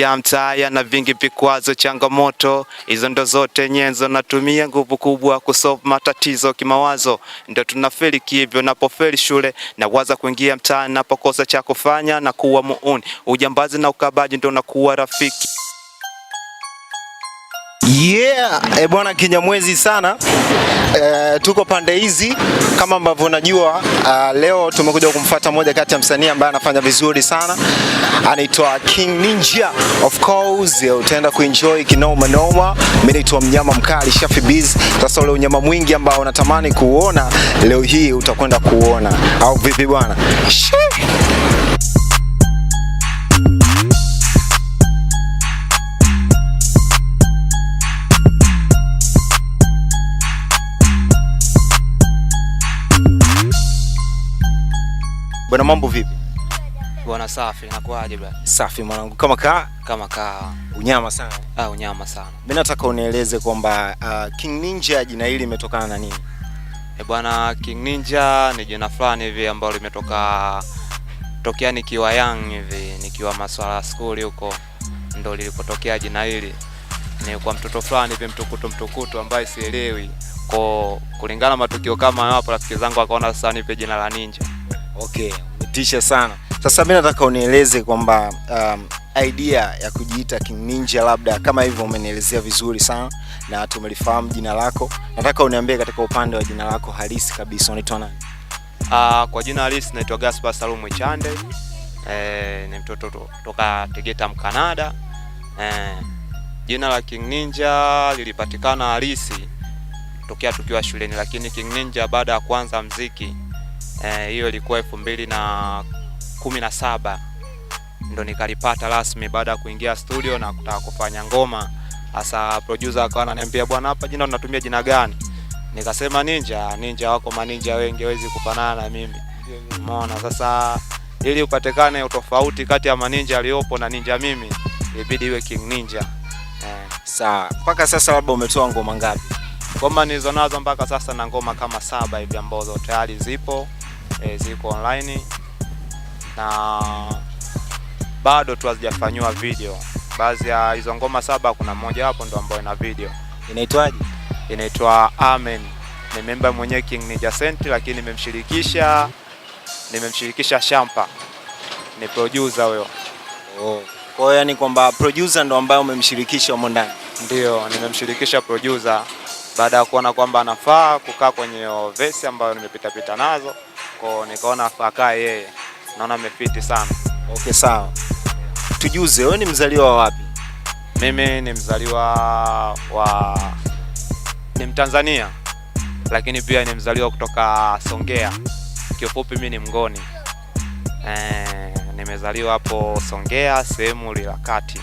ya mtaya na vingi vikwazo, changamoto hizo ndo zote nyenzo. Natumia nguvu kubwa kusolve matatizo kimawazo, ndo tunafeli kivyo. Napofeli shule na waza kuingia mtaani, napokosa cha kufanya na kuwa muuni. Ujambazi na ukabaji ndo nakuwa rafiki Yeah, e bwana Kinyamwezi sana. E, tuko pande hizi kama ambavyo unajua. Uh, leo tumekuja kumfuata moja kati ya msanii ambaye anafanya vizuri sana, anaitwa King Ninja. Of course eh, utaenda kuenjoy kinoma noma. Mimi naitwa mnyama mkali Shafi Biz. Sasa ule unyama mwingi ambao unatamani kuuona leo hii utakwenda kuona, au vipi bwana? Bwana, mambo vipi? Bwana safi, nakuaje bwana? Safi mwanangu, kama ka? kama ka. Unyama sana. Ah, unyama sana. Mimi nataka unieleze kwamba uh, King Ninja jina hili limetokana na nini? Eh, bwana King Ninja ni jina fulani hivi ambalo limetoka tokea nikiwa young hivi, nikiwa maswala ya school huko ndo lilipotokea jina hili. Ni kwa mtoto fulani hivi mtukutu mtukutu ambaye sielewi. Kwa kulingana matukio kama hapo, rafiki zangu akaona sasa nipe jina la Ninja. Okay, umetisha sana. Sasa mimi nataka unieleze kwamba um, idea ya kujiita King Ninja labda kama hivyo umenielezea vizuri sana na tumelifahamu jina lako. Nataka uniambie katika upande wa jina lako halisi kabisa unaitwa nani? Uh, kwa jina halisi naitwa Gaspar Salumu Chande. Eh, ni mtoto kutoka Tegeta Mkanada. Eh, jina la King Ninja lilipatikana halisi tokea tukiwa shuleni, lakini King Ninja baada ya kuanza mziki Eh, hiyo e, ilikuwa elfu mbili na kumi na saba ndo nikalipata rasmi baada ya kuingia studio na kutaka kufanya ngoma. Hasa producer akawa ananiambia, bwana, hapa jina unatumia jina gani? Nikasema Ninja. Ninja wako maninja wengi, hawezi kufanana na mimi, umeona? Sasa ili upatikane utofauti kati ya maninja aliyopo na ninja mimi, ibidi iwe King Ninja eh. Sawa, mpaka sasa labda umetoa ngoma ngapi? Ngoma nilizonazo mpaka sasa na ngoma kama saba hivi ambazo tayari zipo e, ziko online na bado tu hazijafanyiwa video. Baadhi ya hizo ngoma saba kuna mmoja wapo ndo ambayo ina video. Inaitwaje? Inaitwa Amen. memba mwenyewe King ni Jacent, lakini nimemshirikisha nimemshirikisha Shampa, ni producer huyo. Oh. Kwa hiyo yani kwamba producer ndo ambaye umemshirikisha humo ndani? Ndio, nimemshirikisha producer baada ya kuona kwamba anafaa kukaa kwenye vesi ambayo nimepitapita nazo ko nikaona akae yeye, naona amefiti sana. Okay, sawa. Tujuze, wewe ni mzaliwa wa wapi? Mimi ni mzaliwa wa ni Mtanzania, lakini pia ni mzaliwa kutoka Songea. Kiufupi mimi ni mngoni Eh, nimezaliwa hapo Songea sehemu ya kati,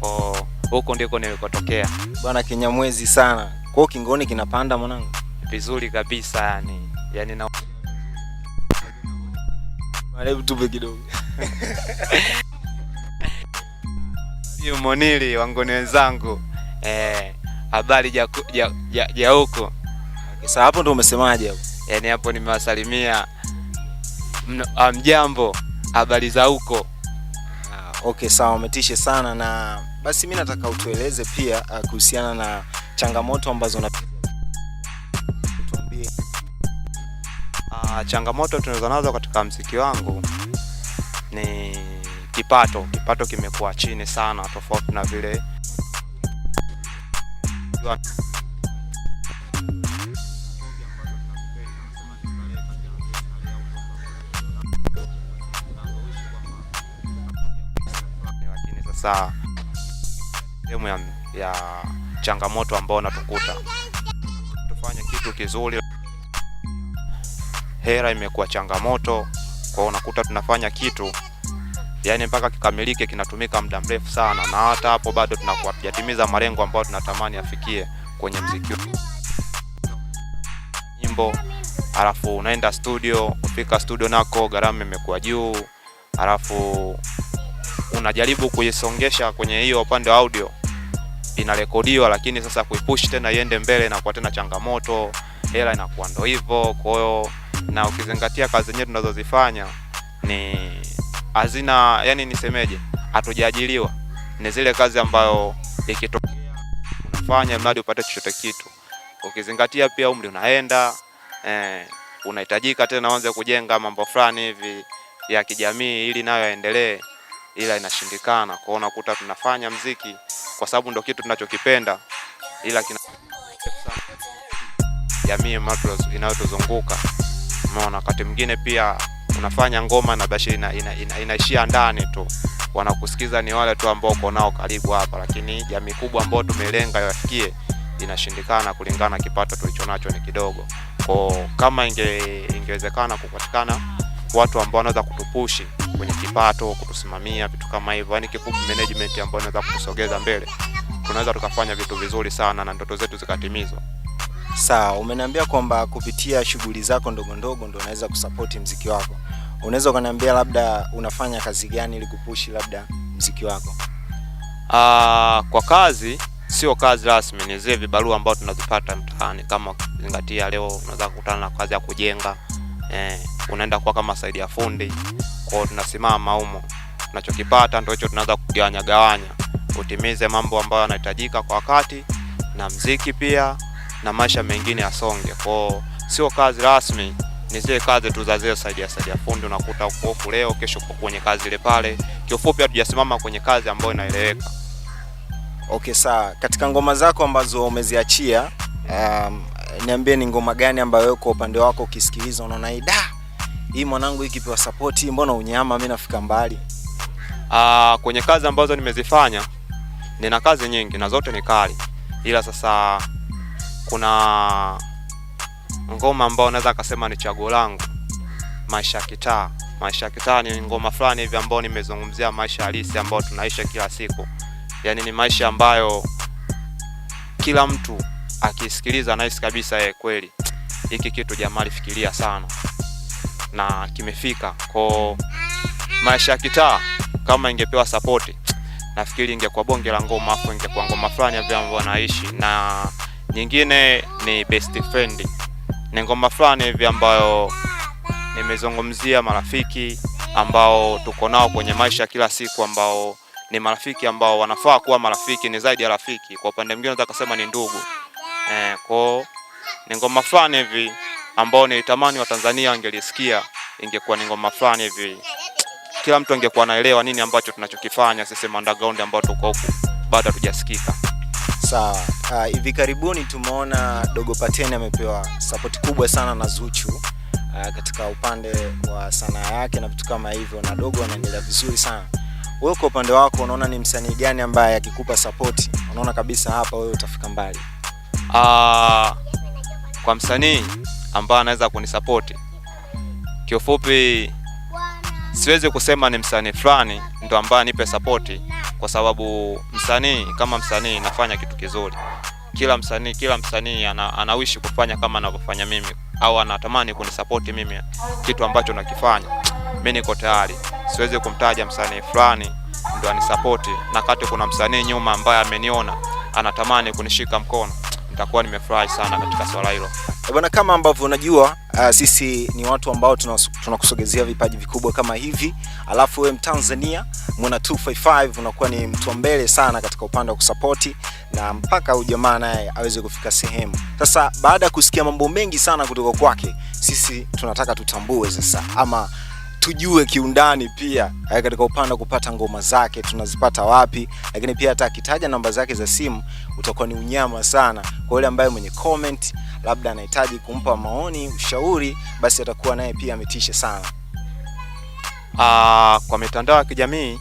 kwa huko ndiko nilikotokea bwana. Kinyamwezi sana kwao, kingoni kinapanda mwanangu, vizuri kabisa yani, yani na Hebu tupe kidogo. Hiyo Monili wangoni wenzangu. Eh, habari ja ja, ja, ja huko. Sasa hapo ndo umesemaje hapo? Yaani hapo nimewasalimia. Ah, mjambo, habari za huko. Ah, okay, sawa, umetisha sana na basi mimi nataka utueleze pia ah, kuhusiana na changamoto ambazo unapitia changamoto tunazo nazo katika mziki wangu ni kipato. Kipato kimekuwa chini sana, tofauti na vile sasa sehemu ya, ya changamoto ambao natukuta tufanye kitu kizuri hela imekuwa changamoto kwao, unakuta tunafanya kitu yani mpaka kikamilike kinatumika muda mrefu sana, na hata hapo bado tunakuwa tujatimiza malengo ambayo tunatamani afikie kwenye mziki nyimbo. Alafu unaenda studio, kufika studio nako gharama imekuwa juu, alafu unajaribu kuisongesha kwenye hiyo upande wa audio, inarekodiwa lakini sasa kuipush tena iende mbele inakuwa tena changamoto, hela inakuwa ndo hivyo, kwa hiyo na ukizingatia kazi zenyewe tunazozifanya ni hazina, yani nisemeje, hatujaajiliwa, ni zile kazi ambayo ikitokea unafanya mradi upate chochote kitu, ukizingatia pia umri unaenda eh, unahitajika tena uanze kujenga mambo fulani hivi ya kijamii ili nayo yaendelee, ila inashindikana. Kwa unakuta tunafanya mziki kwa sababu ndio kitu tunachokipenda, ila kina jamii inayotuzunguka Umeona, wakati mwingine pia unafanya ngoma na bashi inaishia ina, ina, ina ndani tu, wanakusikiza ni wale tu ambao uko nao karibu hapa, lakini jamii kubwa ambayo tumelenga iwafikie inashindikana, kulingana kipato tulichonacho ni kidogo. Kwa kama inge, ingewezekana kupatikana watu ambao wanaweza kutupushi kwenye kipato, kutusimamia vitu kama hivyo, yani kikubwa management ambayo inaweza kutusogeza mbele, tunaweza tukafanya vitu vizuri sana na ndoto zetu zikatimizwa. Sawa, umeniambia kwamba kupitia shughuli zako ndogo ndogo ndo unaweza kusapoti mziki wako. Unaweza ukaniambia labda unafanya kazi gani ili kupushi labda mziki wako? Aa, ah, kwa kazi sio kazi rasmi, ni zile vibarua ambao tunazipata mtaani. Kama zingatia leo unaweza kukutana na kazi ya kujenga eh, unaenda kuwa kama saidi ya fundi kwao, tunasimama humo, tunachokipata ndio hicho tunaanza kugawanya gawanya, utimize mambo ambayo yanahitajika kwa wakati na mziki pia na maisha mengine yasonge Kwa Sio kazi rasmi, ni zile kazi tu za zile saidia saidia fundi, unakuta uko leo, kesho uko kwenye kazi ile pale. Kiufupi, hatujasimama kwenye kazi ambayo inaeleweka. Okay, sawa. Katika ngoma zako ambazo umeziachia, um, niambie ni ngoma gani ambayo wewe kwa upande wako ukisikiliza unaona ida hii mwanangu ikipewa support, mbona unyama mimi nafika mbali? Uh, kwenye kazi ambazo nimezifanya nina kazi nyingi na zote ni kali, ila sasa kuna ngoma ambayo naweza akasema ni chaguo langu, maisha ya kitaa. Maisha ya kitaa ni ngoma fulani hivi ambayo nimezungumzia maisha halisi ambayo tunaisha kila siku, yaani ni maisha ambayo kila mtu akisikiliza anahisi kabisa yeye kweli hiki kitu jamaa alifikiria sana na kimefika ko. Maisha ya kitaa kama ingepewa sapoti, nafikiri ingekuwa bonge la ngoma, afu ingekuwa ngoma fulani ambayo naishi na nyingine ni best friend. Ni ngoma fulani hivi ambayo nimezungumzia marafiki ambao tuko nao kwenye maisha kila siku, ambao ni marafiki ambao wanafaa kuwa marafiki, ni zaidi ya rafiki. Kwa upande mwingine nataka kusema ni ndugu eh, kwa ni ngoma fulani hivi ambao nilitamani Watanzania wangelisikia. Ingekuwa ni ngoma fulani hivi, kila mtu angekuwa anaelewa nini ambacho tunachokifanya sisi underground ambao tuko huku bado hatujasikika. Sawa. Ah, hivi uh, karibuni tumeona Dogo Pateni amepewa support kubwa sana na Zuchu uh, katika upande wa sanaa yake na vitu kama hivyo, na Dogo anaendelea vizuri sana. Wewe kwa upande wako unaona ni msanii gani ambaye akikupa support unaona kabisa hapa wewe utafika mbali? Uh, kwa msanii ambaye anaweza kunisupport, kiufupi siwezi kusema ni msanii fulani ndo ambaye anipe support kwa sababu msanii kama msanii nafanya kitu kizuri, kila msanii kila msanii ana, anawishi kufanya kama anavyofanya mimi au anatamani kunisapoti mimi kitu ambacho nakifanya mimi, niko tayari. Siwezi kumtaja msanii fulani ndo anisapoti, na kati kuna msanii nyuma ambaye ameniona anatamani kunishika mkono nitakuwa nimefurahi sana katika swala hilo. Eh, bwana, kama ambavyo unajua uh, sisi ni watu ambao tunakusogezea vipaji vikubwa kama hivi, alafu wewe Mtanzania mwana 255 unakuwa ni mtu wa mbele sana katika upande wa kusapoti na mpaka huyu jamaa naye aweze kufika sehemu. Sasa baada ya kusikia mambo mengi sana kutoka kwake, sisi tunataka tutambue sasa ama tujue kiundani pia eh, katika upande kupata ngoma zake tunazipata wapi, lakini pia hata akitaja namba zake za simu utakuwa ni unyama sana kwa yule ambaye mwenye comment labda anahitaji kumpa maoni, ushauri, basi atakuwa naye pia ametisha sana. Aa, ah, kwa mitandao ya kijamii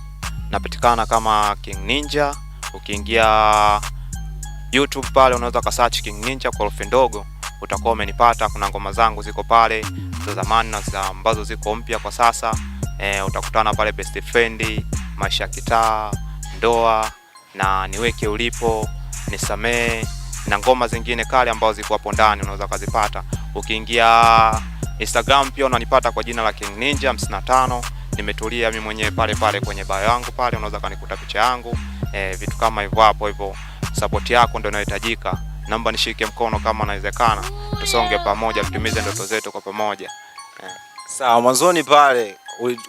napatikana kama King Ninja. Ukiingia YouTube pale unaweza ka search King Ninja kwa herufi ndogo, utakuwa umenipata. Kuna ngoma zangu ziko pale za zamani na za ambazo ziko mpya kwa sasa e, utakutana pale best friend, maisha kitaa, ndoa na niweke ulipo, nisamee na ngoma zingine kali ambazo ziko hapo ndani unaweza kuzipata ukiingia Instagram. Pia unanipata kwa jina la King Ninja 55. Nimetulia mimi mwenyewe pale pale kwenye bio yangu pale, unaweza kanikuta picha yangu e, vitu kama hivyo hapo hivyo. Support yako ndio inayohitajika, naomba nishike mkono kama inawezekana tusonge pamoja, tutimize ndoto zetu kwa pamoja yeah. Sawa, mwanzoni pale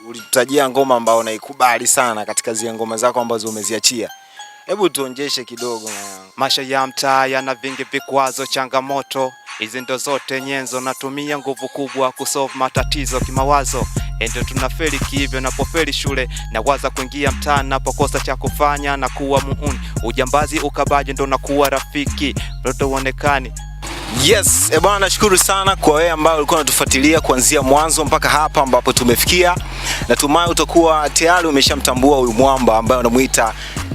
ulitajia ngoma ambayo unaikubali sana katika zile ngoma zako ambazo umeziachia. Hebu tuonjeshe kidogo. Maisha ya mtaa yana vingi vikwazo, changamoto hizi ndo zote nyenzo, natumia nguvu kubwa kusolve matatizo kimawazo endo tunafeli kihivyo, napofeli shule na waza kuingia mtaa, napokosa cha kufanya na kuwa muuni, ujambazi ukabaji ndo nakuwa rafiki mtoto uonekani Yes, ebwana, nashukuru sana kwa wewe ambaye ulikuwa unatufuatilia kuanzia mwanzo mpaka hapa ambapo tumefikia. Natumai utakuwa tayari umeshamtambua huyu mwamba ambaye unamuita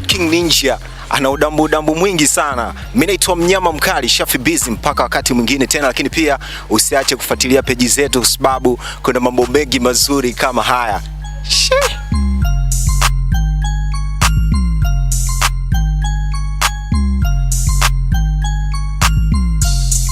King Ninja ana udambu udambu mwingi sana. Mimi naitwa mnyama mkali Shafi Bizi, mpaka wakati mwingine tena, lakini pia usiache kufuatilia peji zetu, kwa sababu kuna mambo mengi mazuri kama haya She